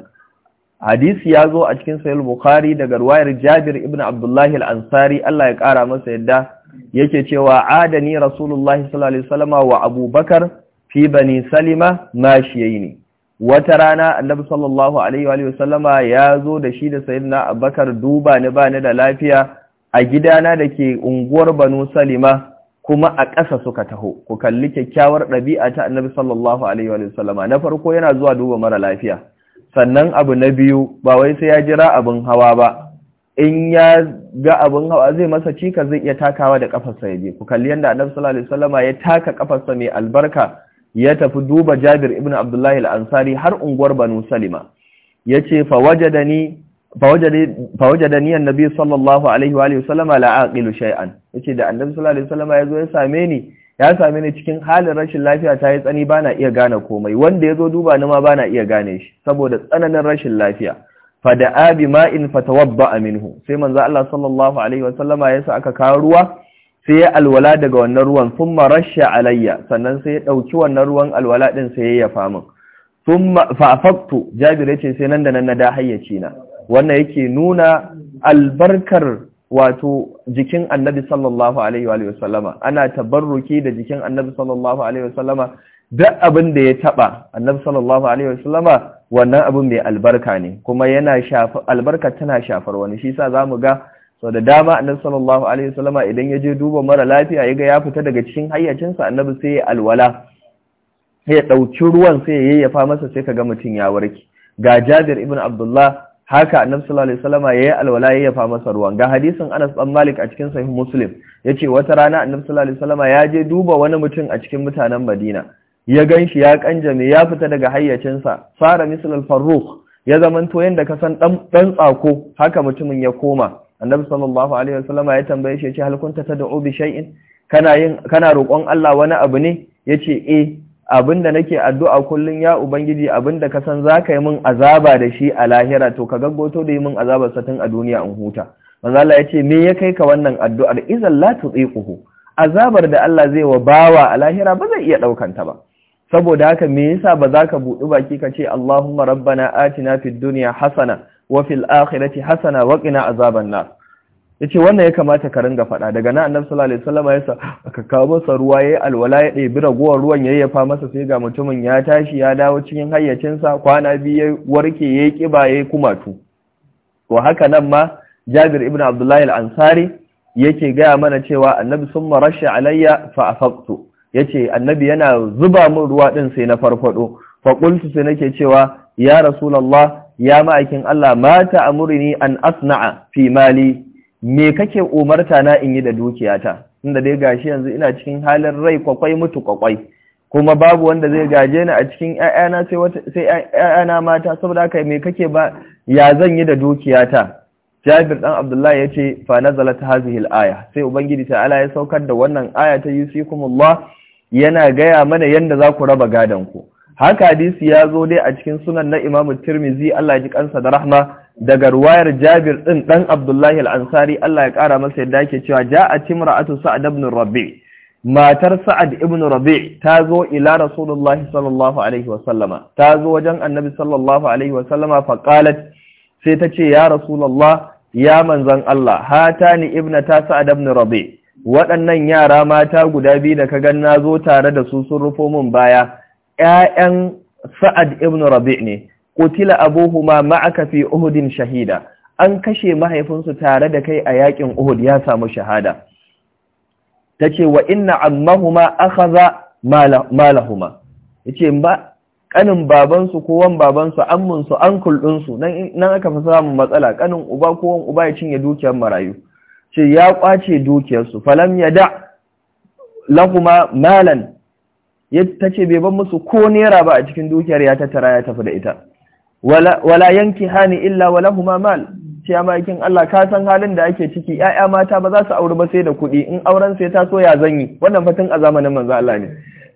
hadisi ya zo a cikin sahih bukhari daga ruwayar jabir ibn abdullahi al-ansari Allah ya kara masa yadda yake cewa adani rasulullah sallallahu alaihi wa abubakar fi bani salima mashiyaini wata rana annabi sallallahu alaihi wa sallama ya da shi da sayyidina abubakar duba da lafiya a gidana da ke unguwar banu salima kuma a ƙasa suka taho ku kalli kyakkyawar ɗabi'a ta annabi sallallahu alaihi wa sallama na farko yana zuwa duba mara lafiya sannan abu na biyu ba wai sai ya jira abin hawa ba in ya ga abin hawa zai masa cika zai iya takawa da ƙafarsa, ya je ku kalli yanda annabi sallallahu alaihi sallama ya taka ƙafarsa mai albarka ya tafi duba Jabir ibn Abdullahi al-Ansari har unguwar Banu Salima yace fa wajadani da niyan Nabi sallallahu alaihi wa sallam la aqilu shay'an yace da annabi sallallahu alaihi wasallam yazo ya same ni ya same ni cikin halin rashin lafiya ta yi tsani bana iya gane komai wanda ya zo duba ni ma bana iya gane shi saboda tsananin rashin lafiya Fa da fada'a bima'in fatawadda'a minhu sai manzo Allah sallallahu alaihi wa sallama yasa aka kawo ruwa sai ya alwala daga wannan ruwan thumma rasha alayya sannan sai ya dauki wannan ruwan alwala din sai ya yafa min thumma fa afaqtu jabir yace sai nan da nan na da hayyaci na wannan yake nuna albarkar wato jikin annabi sallallahu alaihi wa sallama ana tabarruki da jikin annabi sallallahu alaihi wa sallama duk abin da ya taba annabi sallallahu alaihi wa sallama wannan abin mai albarka ne kuma yana shafa albarka tana shafar wani shi yasa zamu ga so da dama annabi sallallahu alaihi wa sallama idan ya je duba mara lafiya yaga ya fita daga cikin hayyacinsa annabi sai ya alwala sai ya dauki ruwan sai ya yayyafa masa sai kaga mutun ya warke ga Jabir ibn Abdullah haka annabi sallallahu alaihi wasallama yayi alwala ya fa masa ruwan ga hadisin Anas bin Malik a cikin sahih Muslim yace wata rana annabi sallallahu alaihi wasallama ya je duba wani mutum a cikin mutanen Madina ya ganshi ya kanjame ya fita daga hayyacinsa sara misal al-farruq ya to yanda ka san dan dan tsako haka mutumin ya koma annabi sallallahu alaihi wasallama ya tambaye shi yace hal kunta tad'u bi shay'in kana yin kana roƙon Allah wani abu ne yace eh abinda nake addu'a kullum ya ubangiji abinda ka san za ka yi min azaba da shi a lahira to ka gaggoto da yi min azabar satin a duniya in huta Mazala ya ce me ya kai ka wannan addu'ar izan la tutsiquhu azabar da Allah zai wa bawa a lahira ba zai iya ɗaukanta ba saboda haka me yasa ba za ka buɗi baki ka ce Allahumma rabbana atina fid dunya hasana wa fil akhirati hasana wa qina azaban nar yace wannan ya kamata ka ringa faɗa daga nan annabi sallallahu alaihi wasallam ya aka kawo masa ruwa yayi alwala ya ɗebi ragowar ruwan yayyafa masa sai ga mutumin ya tashi ya dawo cikin hayyacin sa kwana biyu ya warke yayi kiba yayi kumatu to haka nan ma Jabir ibn Abdullah al-Ansari yake gaya mana cewa annabi summa rashi alayya fa afaqtu yace annabi yana zuba min ruwa din sai na farfado fa qultu sai nake cewa ya rasulullah ya ma'aikin Allah mata amurini an asna'a fi mali me kake umarta na in yi da dukiyata inda dai gashi yanzu ina cikin halin rai kwakwai mutu kwakwai kuma babu wanda zai gaje ni a cikin ƴaƴana sai wata sai ƴaƴana mata saboda haka me kake ba ya zan yi da dukiyata Jabir dan Abdullah yace fa nazalat hazihi al-aya sai ubangiji ta'ala ya saukar da wannan aya ta yusikumullah yana gaya mana yanda za ku raba gadan ku haka hadisi ya zo dai a cikin sunan na Imam Tirmidhi Allah ya ji kansa da rahma daga ruwayar Jabir din dan Abdullahi al-Ansari Allah ya kara masa yadda yake cewa ja'at imra'atu sa’ad ibn Rabi' matar Sa'ad ibn Rabi' ta zo ila Rasulullah sallallahu alaihi wa ta zo wajen Annabi sallallahu alaihi wa sallama sai ta ce ya Rasulullah ya manzan Allah ni hata ibna ibnata Sa'ad ibn Rabi' waɗannan yara mata guda biyu da ka gan na zo tare da su sun rufo min baya ƴaƴan Sa'ad ibn Rabi' ne qutila abuhuma ma'aka fi uhudin shahida an kashe mahaifinsu tare da kai a yakin uhud ya samu shahada tace wa inna ammahuma akhadha malahuma yace ba kanin babansu ko wan babansu amminsu ankul ɗinsu nan aka fi samu matsala kanin uba ko wan uba ya cinye dukiyar marayu ce ya kwace dukiyarsu falam ya da lahuma malan yace tace bai ban musu ko nera ba a cikin dukiyar ya tattara ya tafi da ita wala yanki hani illa wala huma mal ce ya Allah ka san halin da ake ciki ‘ya'ya mata ba za su auri ba sai da kuɗi in auren ya taso ya zanyi wannan fatan a zamanin manzo Allah ne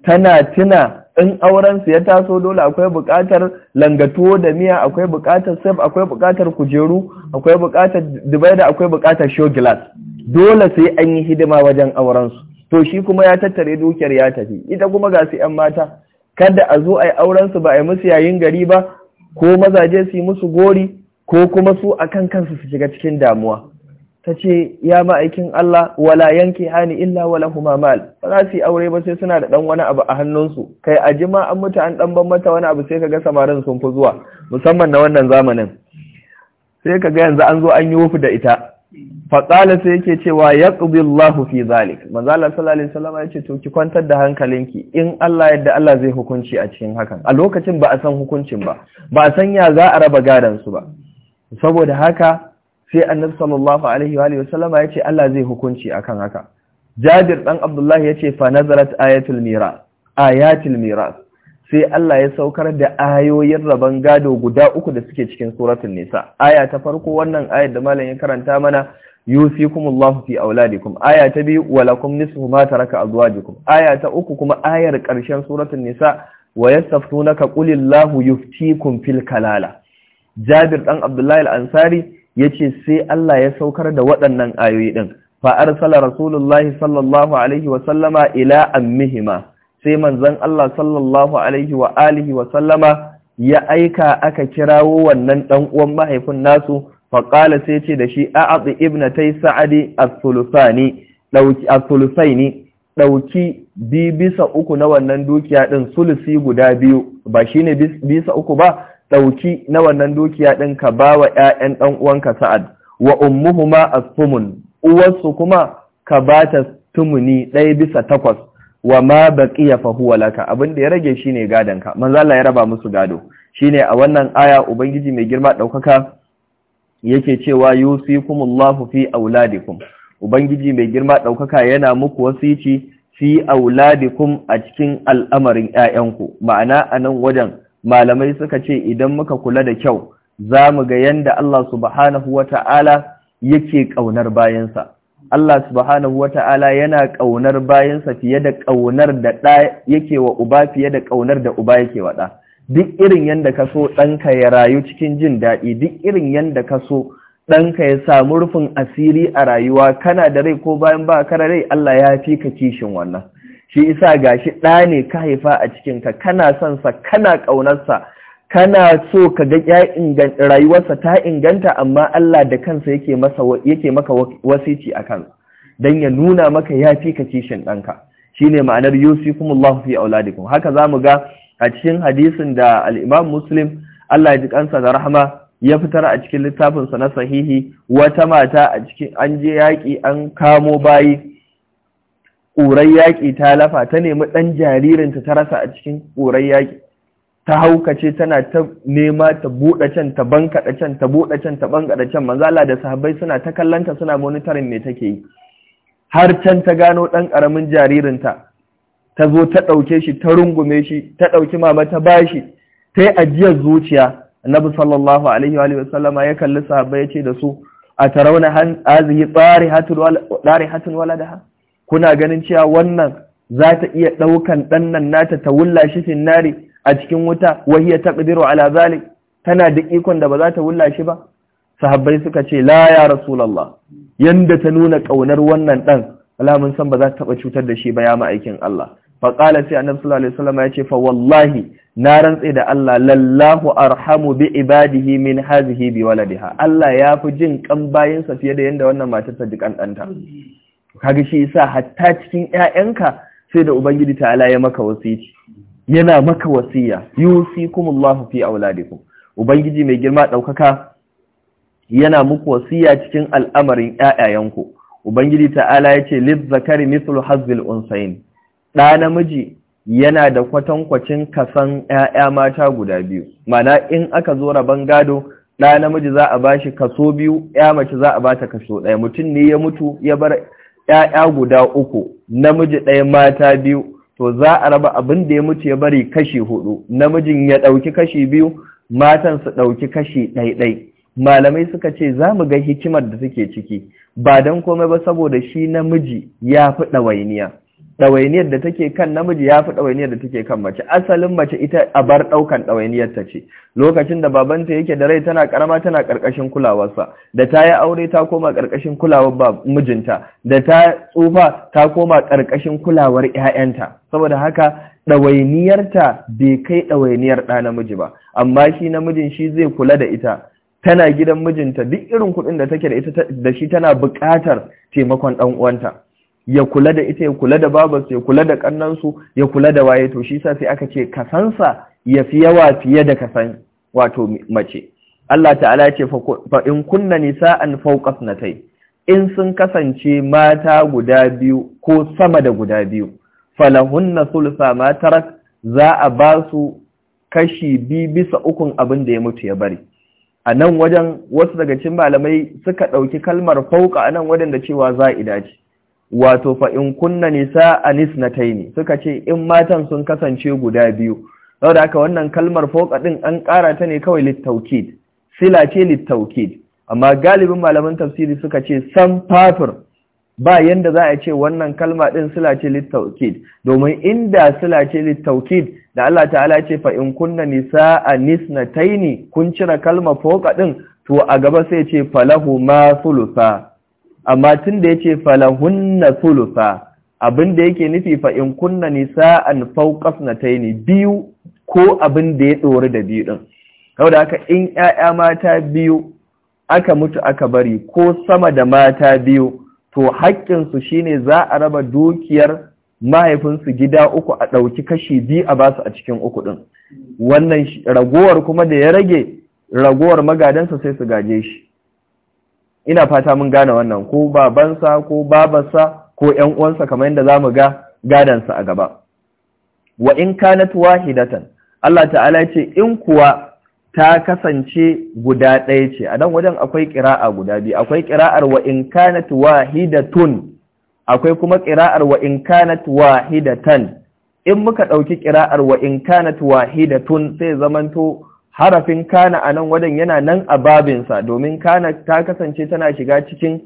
tana tuna in auren ya taso dole akwai buƙatar langatuwo da miya akwai buƙatar sab akwai buƙatar kujeru akwai buƙatar dubai da akwai buƙatar show glass dole sai an yi hidima wajen auren su to shi kuma ya tattare dukiyar ya tafi ita kuma ga su ‘yan mata kada a zo a yi auren su ba a musu yayin gari ba ko mazaje su yi musu gori ko kuma su a kan kansu su shiga cikin damuwa ta ce ya ma'aikin Allah wala yanke hani illa wala huma mal ba za su yi aure ba sai suna da ɗan wani abu a hannunsu kai a jima an mutu an ɗan ban mata wani abu sai ka ga samarin sun fi zuwa musamman na wannan zamanin sai ka ga yanzu an zo an yi wufu da ita faƙala sai yake cewa ya Allah fi zalik manzala salalin salama ya ce to ki kwantar da hankalinki in Allah yadda Allah zai hukunci a cikin hakan a lokacin ba a san hukuncin ba ba a san ya za a raba gadon su ba saboda haka sai annabi sallallahu alaihi wa sallama ya ce Allah zai hukunci akan haka jabir ɗan abdullahi ya ce fa nazarat ayatul miras ayatul miras sai Allah ya saukar da ayoyin rabon gado guda uku da suke cikin suratul nisa aya ta farko wannan ayar da malam ya karanta mana yusikumullahu fi auladikum aya ta biyu walakum nisfu ma taraka azwajukum aya ta uku kuma ayar karshen suratul nisa wa yastaftunaka qulillahu yuftikum fil kalala jabir dan abdullahi al-ansari yace sai Allah ya saukar da waɗannan ayoyi din fa arsala rasulullahi sallallahu alaihi wa sallama ila ammihima sai manzon Allah sallallahu alaihi wa alihi wa sallama ya aika aka kirawo wannan dan uwan mahaifin nasu faƙala sai ce da shi a atsi ibnatai sa'adi as-sulusaini ɗauki bi bisa uku na wannan dukiya ɗin sulusi guda biyu ba shi ne bisa uku ba ɗauki na wannan dukiya ɗin ka ba wa ‘ya'yan ɗanuwanka uwanka sa'ad wa ummuhuma as-sumun uwarsu kuma ka ba ta tumuni ɗaya bisa takwas wa ma baqiya fa huwa laka abin da ya rage shine gadon ka Manzala ya raba musu gado shine a wannan aya ubangiji mai girma ɗaukaka yake cewa 'Yusi, yusikumullahu fi auladikum ubangiji mai girma daukaka yana muku wasici fi auladikum a cikin al'amarin ƴaƴanku ma'ana anan wajen malamai suka ce idan muka kula da kyau zamu ga yanda Allah subhanahu wata'ala yake kaunar bayansa Allah subhanahu wata'ala yana kaunar bayansa fiye da kaunar da ɗa yake wa uba fiye da kaunar da uba yake wa ɗa duk irin yadda ka so ɗanka ya rayu cikin jin daɗi duk irin yadda ka so ɗanka ya samu rufin asiri a rayuwa kana da rai ko bayan ba ka rai Allah ya fi ka kishin wannan shi isa gashi ɗa ne ka haifa a cikinka kana son sa kana ƙaunarsa kana so ka ga rayuwarsa ta inganta amma Allah da kansa yake masa yake maka wasici kansa. dan ya nuna maka ya fi ka kishin ɗanka shine ma'anar yusikumullahu fi auladikum haka zamu ga a cikin hadisin da alimam Muslim Allah ya ji kansa da rahama ya fitar a cikin littafinsa na sahihi wata mata a cikin an je yaƙi an kamo bayi ƙurai yaƙi ta lafa ta nemi ɗan jaririnta ta rasa a cikin ƙurai yaƙi ta haukace tana ta nema ta buɗe can ta bankaɗa can ta buɗe can ta bankaɗa can manzala da sahabbai suna ta kallanta suna monitorin me take yi har can ta gano ɗan ƙaramin jaririnta ta zo ta ɗauke shi ta rungume shi ta ɗauki mama ta bashi ta yi ajiyar zuciya annabi sallallahu alaihi wa sallama ya kalli sahabbai ya ce da su a tarauna hazihi tsari hatin wala da kuna ganin cewa wannan za ta iya ɗaukan ɗannan nata ta wulla shi finnari a cikin wuta wahiya taqdiru ala zalik tana da ikon da ba za ta wulla shi ba sahabbai suka ce la ya rasulallah? yanda ta nuna ƙaunar wannan ɗan alamun san ba za ta taɓa cutar da shi ba ya ma'aikin Allah faƙala sai annabi sallallahu alaihi wasallam ya ce fa wallahi na rantse da Allah lallahu arhamu bi ibadihi min hadhihi bi waladiha Allah ya fi jin kan sa fiye da yanda wannan matar ta ji danta kaga shi yasa hatta cikin ƴaƴanka sai da ubangiji ta'ala ya maka wasiyi yana maka wasiya yusikumullahu fi auladikum ubangiji mai girma daukaka yana muku wasiya cikin al'amarin ƴaƴayanku ubangiji ta'ala ya ce yace lizzakari mithlu hazzil unsayn ɗa namiji yana da kwatankwacin kasan 'ya'ya mata guda biyu mana in aka zo rabon gado ɗa namiji za a bashi kaso biyu 'ya mace za a bata kaso ɗaya mutum ne ya mutu ya bar 'ya'ya guda uku namiji ɗaya mata biyu to za a raba abin da ya mutu ya bari kashi hudu namijin ya ɗauki kashi biyu matan su ɗauki kashi ɗaiɗai malamai suka ce za mu ga hikimar da suke ciki ba don komai ba saboda shi namiji ya fi ɗawainiya ɗawainiyar da take kan namiji ya fi ɗawainiyar da take kan mace asalin mace ita a bar ɗaukan ɗawainiyar ta ce lokacin da babanta yake da rai tana ƙarama tana ƙarƙashin kulawarsa da ta yi aure ta koma ƙarƙashin kulawar mijinta da ta tsufa ta koma ƙarƙashin kulawar 'ya'yanta saboda haka ɗawainiyarta bai kai ɗawainiyar ɗa namiji ba amma shi namijin shi zai kula da ita tana gidan mijinta duk irin kuɗin da take da ita da shi tana buƙatar taimakon ɗan uwanta ya kula da ita ya kula da babansu ya kula da kannansu ya kula da waye to shi sa sai aka ce kasansa ya fi yawa fiye da kasan wato mace Allah ta'ala ce fa in kunna nisa'an fawqa tai. in sun kasance mata guda biyu ko sama da guda biyu falahunna thulutha ma tarak za a ba su kashi bi bisa ukun abin da ya mutu ya bari a nan wajen wasu daga cikin malamai suka ɗauki kalmar fauka a nan wajen da cewa za'ida ce wato fa in kunna nisa anis nataini suka ce in matan sun kasance guda biyu da haka wannan kalmar foka an ƙara ta ne kawai littaukid sila ce littaukid amma galibin malaman tafsiri suka ce san fafir ba yadda za a ce wannan kalma din sila ce littaukid domin inda sila ce littaukid da Allah ta'ala ce fa in kunna nisa anis nataini kun cire kalmar foka din to a gaba sai ce falahu ma sulusa amma tun da ya ce falahunna sulusa abin da yake nufi fa in kunna nisa'an fawqas nataini biyu ko abin da ya dori da biyu din saboda haka in 'ya'ya mata biyu aka mutu aka bari ko sama da mata biyu to haƙƙinsu su shine za a raba dukiyar mahaifinsu gida uku a ɗauki kashi biyu a basu a cikin uku ɗin. wannan ragowar kuma da ya rage ragowar magadansa sai su gaje shi ina fata mun gane wannan ko babansa ko babarsa ko ƴan uwansa kamar yadda mu ga gadansa a gaba wa in kanat wahidatan Allah ta'ala ce in kuwa ta kasance guda ɗaya ce a dan wajen akwai ƙira'a guda biyu akwai ƙira'ar wa in kanat wahidatun akwai kuma kiraar wa in kanat wahidatan in muka ɗauki kiraar wa in kanat wahidatun sai zamanto harafin kana a nan wadan yana nan a babinsa domin kana ta kasance tana shiga cikin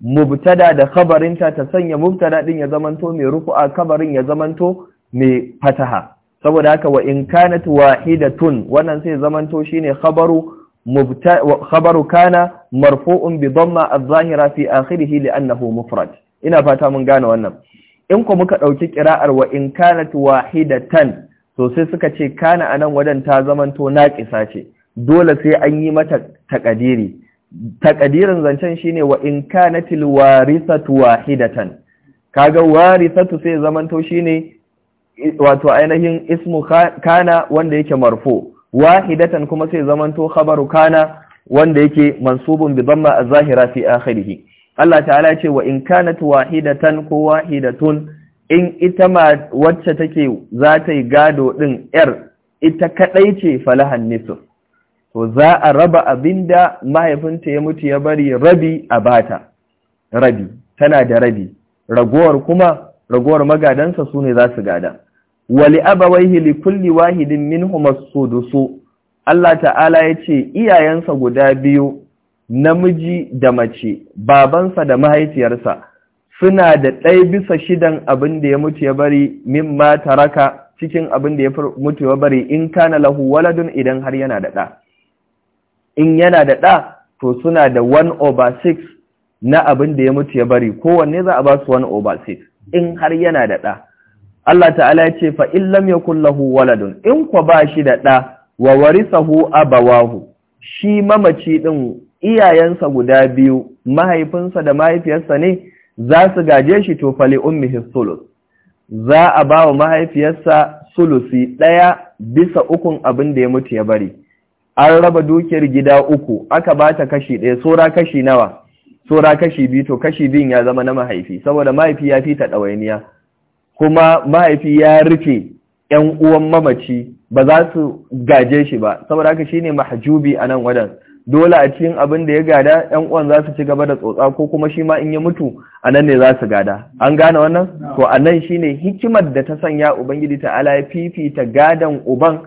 mubtada da khabarinta ta sanya mubtada din ya zamanto mai rufu'a kabarin ya zamanto mai fataha saboda haka wa in kanat wahidatun wannan sai zamanto shine khabaru mubtada khabaru kana marfu'un bi dhamma adh-dhahira fi akhirih li'annahu mufrad ina fata mun gane wannan in ku muka dauki qira'ar wa in kanat wahidatan to sai suka ce kana anan wajen ta zamanto naqisa ce dole sai an yi mata takadiri takadirin zancen shine wa in kanatil warisatu wahidatan kaga warisatu sai zamanto shine wato ainihin ismu kana wanda yake marfu wahidatan kuma sai zamanto khabaru kana wanda yake mansubun bi dhamma az-zahira fi akhirih Allah ta'ala ce wa in kanat wahidatan ko wahidatun in ita ma wacce take za ta yi gado ɗin ‘yar ita kaɗai ce falahan nisuf, to za a raba abin da mahaifinta ya mutu ya bari rabi a bata, rabi, tana da rabi, ragowar kuma ragowar magadansa su ne za su gada. Wali abawaihi li kulli wahidin min su. Allah ta'ala ya ce iyayensa guda biyu namiji da mace, babansa da mahaifiyarsa. suna da ɗaya bisa shidan abin da ya mutu ya bari min ma taraka cikin abin da ya mutu ya bari in kana lahu waladun idan har yana da ɗa in yana da ɗa to suna da 1 over 6 na abin da ya mutu ya bari kowanne za a ba su 1 over 6 in har yana da ɗa Allah ta'ala ya ce fa illam yakul lahu waladun in ko ba shi da ɗa wa warisahu abawahu shi mamaci ɗin iyayensa guda biyu mahaifinsa da mahaifiyarsa ne za su gaje shi to fali ummihi sulus za a ba wa mahaifiyarsa sulusi ɗaya bisa ukun abin da ya mutu ya bari an raba dukiyar gida uku aka ba ta kashi ɗaya tsora kashi nawa tsora kashi biyu to kashi biyun ya zama na mahaifi saboda mahaifi ya fi ta ɗawainiya kuma mahaifi ya rufe ‘yan uwan mamaci ba za su gaje shi ba saboda haka shine mahjubi a nan wadan dole a cikin abin da ya gada yan uwan za su ci gaba da tsotsa ko kuma shi ma in ya mutu a nan ne za su gada an gane wannan to a nan shi ne hikimar da ta sanya ubangiji Ala ya fifita gadon uban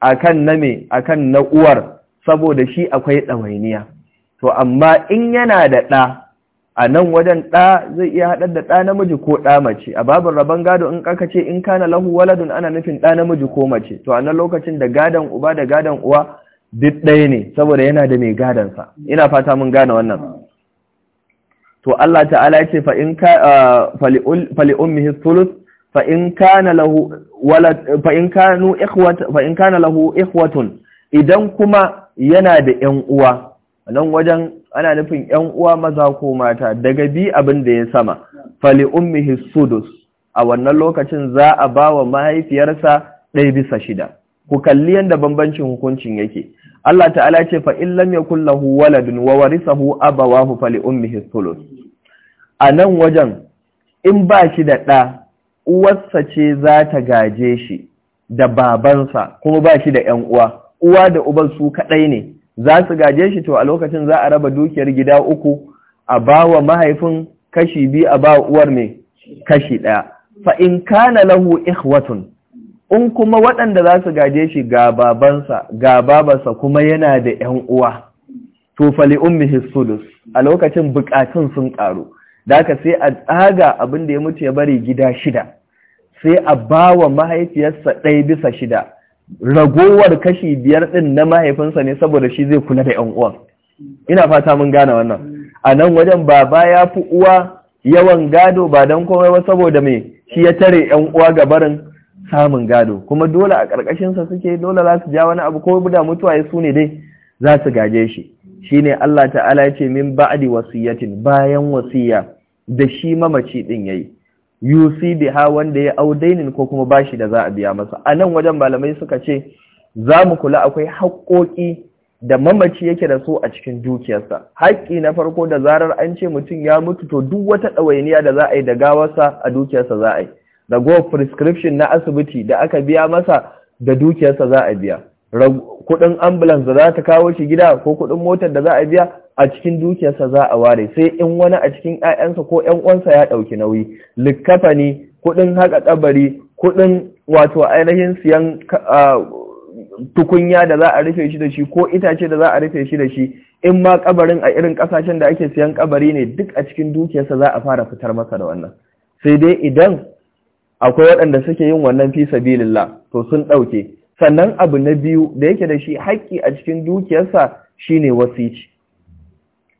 akan na me akan na uwar saboda shi akwai ɗawainiya to amma in yana da ɗa a nan wajen ɗa zai iya haɗar da ɗa namiji ko ɗa mace a babin rabon gado in ƙaka ce in kana lahu waladun ana nufin ɗa namiji ko mace to a nan lokacin da gadon uba da gadon uwa duk ɗaya ne saboda yana da mai gadansa ina fata mun gane wannan to Allah ta'ala ya ce fa in ka li ummihi thuluth fa in kana lahu walad fa in kanu ikhwat fa in kana lahu ikhwatun idan kuma yana da ƴan uwa nan wajen ana nufin ƴan uwa maza ko mata daga bi abin da ya sama li ummihi thuluth a wannan lokacin za a bawa mahaifiyarsa ɗaya bisa shida ku kalli yadda bambancin hukuncin yake Allah ta'ala ce fa in lam yakul lahu waladun wa warisahu abawahu fali ummihi thuluth anan wajen in ba shi da ɗa uwarsa ce za ta gaje shi da babansa kuma ba shi da ‘yan uwa uwa da uban su kadai ne za su gaje shi to a lokacin za a raba dukiyar gida uku a bawa mahaifin kashi biyu a ba uwar ne kashi ɗaya fa in kana lahu ikhwatun in kuma waɗanda za su gaje shi ga babansa ga babansa kuma yana da ‘yan uwa to fali ummihi hisulus a lokacin bukatun sun ƙaru da aka sai a tsaga abin da ya mutu ya bari gida shida sai a ba wa mahaifiyarsa ɗaya bisa shida ragowar kashi biyar ɗin na mahaifinsa ne saboda shi zai kula da ‘yan uwan ina fata mun gane wannan a nan wajen baba ya fi uwa yawan gado ba don komai ba saboda mai shi ya tare ‘yan uwa ga barin samun gado kuma dole a ƙarƙashinsa suke dole za su ja wani abu ko da mutuwa ya sune ne dai za su gaje shi shine Allah ta'ala ya ce min ba'di wasiyatin bayan wasiya da shi mamaci din yayi bi ha wanda ya audainin ko kuma bashi da za a biya masa a nan wajen malamai suka ce za mu kula akwai haƙoƙi da mamaci yake da su a cikin dukiyarsa haƙƙi na farko da zarar an ce mutum ya mutu to duk wata ɗawainiya da za a yi da gawarsa a dukiyarsa za a yi go prescription na asibiti da aka biya masa da dukiyarsa za a biya kudin ambulance da za ta kawo shi gida ko kudin motar da za a biya a cikin dukiyarsa za a ware sai in wani a cikin 'ya'yansa ko 'yan uwansa ya ɗauki nauyi likkafa ne kudin haka kabari kudin wato ainihin siyan tukunya da za a rufe shi da shi ko itace da za a rufe shi da shi in ma kabarin a irin kasashen da ake siyan kabari ne duk a cikin dukiyarsa za a fara fitar masa da wannan sai dai idan akwai waɗanda suke yin wannan fi sabilillah to sun ɗauke sannan abu na biyu da yake da shi haƙƙi a cikin dukiyarsa shine wasici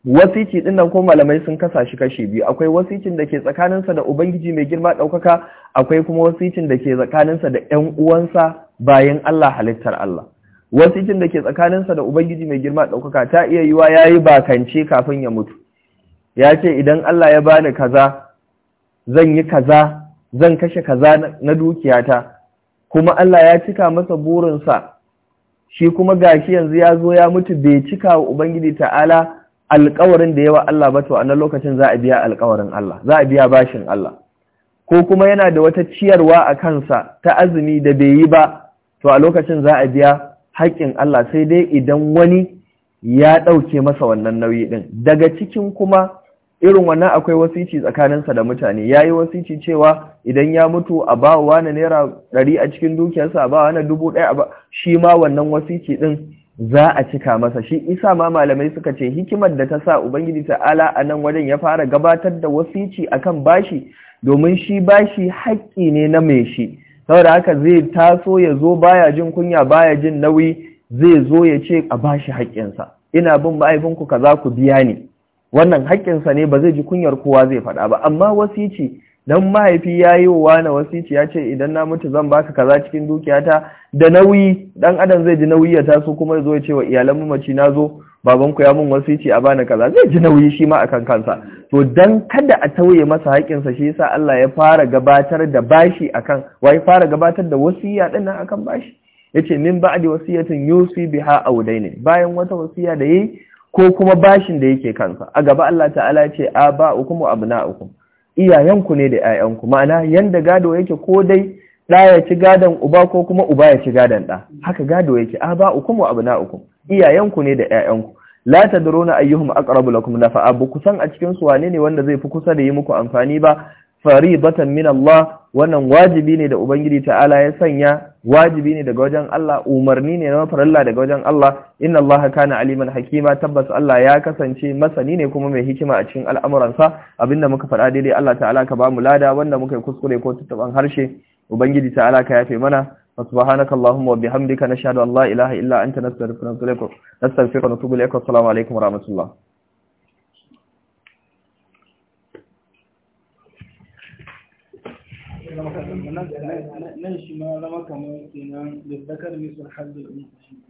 wasici din nan ko malamai sun kasa shi kashi biyu akwai wasicin da ke tsakaninsa da ubangiji mai girma ɗaukaka akwai kuma wasicin da ke tsakaninsa da ƴan uwansa bayan Allah halittar Allah wasicin da ke tsakaninsa da ubangiji mai girma ɗaukaka ta iya yiwa yayi bakance kafin ya mutu ya ce idan Allah ya bani kaza zan yi kaza zan kashe kaza na dukiyata kuma Allah ya cika masa burinsa shi kuma gashi yanzu ya zo ya mutu bai cika wa ubangiji ta'ala alƙawarin da yawa Allah ba to a nan lokacin za a biya alƙawarin Allah za a biya bashin Allah ko kuma yana da wata ciyarwa a kansa ta azumi da bai yi ba to a lokacin za a biya haƙƙin Allah sai dai idan wani ya ɗauke masa wannan nauyi ɗin daga cikin kuma irin wannan akwai wasici tsakaninsa da mutane ya yi wasici cewa idan ya mutu a ba wa na naira ɗari a cikin dukiyarsa a ba wa na dubu ɗaya a ba shi ma wannan wasici ɗin za a cika masa shi isa ma malamai suka ce hikimar da ta sa ubangiji ta'ala a nan wajen ya fara gabatar da wasici akan bashi domin shi bashi haƙƙi ne na mai shi saboda haka zai taso ya zo baya jin kunya baya jin nauyi zai zo ya ce a bashi haƙƙinsa ina bin mahaifinku kaza ku biya ni wannan haƙƙinsa ne ba zai ji kunyar kowa zai faɗa ba amma wasici dan mahaifi ya yi wa wani wasici ya ce idan na mutu zan baka kaza cikin dukiyata da nauyi dan adam zai ji nauyi ya taso kuma ya zo ya ce wa iyalan mamaci na zo baban ku ya mun wasici a bani kaza zai ji nauyi shi ma akan kansa to dan kada a tauye masa haƙƙinsa shi yasa Allah ya fara gabatar da bashi akan wai fara gabatar da wasiya din nan akan bashi yace min ba'di wasiyatin yusi biha awdaini bayan wata wasiya da yayi ko kuma bashin da yake kansa a gaba Allah ta'ala ce a ba abu na uku. iyayenku ne da 'ya'yanku. ma'ana yanda gado yake ko dai ɗa ya ci gadon uba ko kuma uba ya ci gadon ɗa haka gado yake a ba abu na uku. iyayenku ne da 'ya'yanku. la tadruna ayyuhum aqrabu lakum nafa'a Ku kusan a cikin su wane ne wanda zai fi kusa da yi muku amfani ba batan min Allah wannan wajibi ne da ubangiji ta'ala ya sanya wajibi ne daga wajen Allah umarni ne na farilla daga wajen Allah inna Allah kana aliman hakima tabbas Allah ya kasance masani ne kuma mai hikima a cikin al'amuransa abinda muka faɗa daidai Allah ta'ala ka ba mu lada wanda muka yi kuskure ko tuttaban harshe ubangiji ta'ala ka yafe mana subhanaka allahumma wa bihamdika nashhadu an la ilaha illa anta nastaghfiruka wa natubu wa assalamu alaikum wa rahmatullah نمشي ما لم تكن ممكنا للذكر مثل حد الأنثى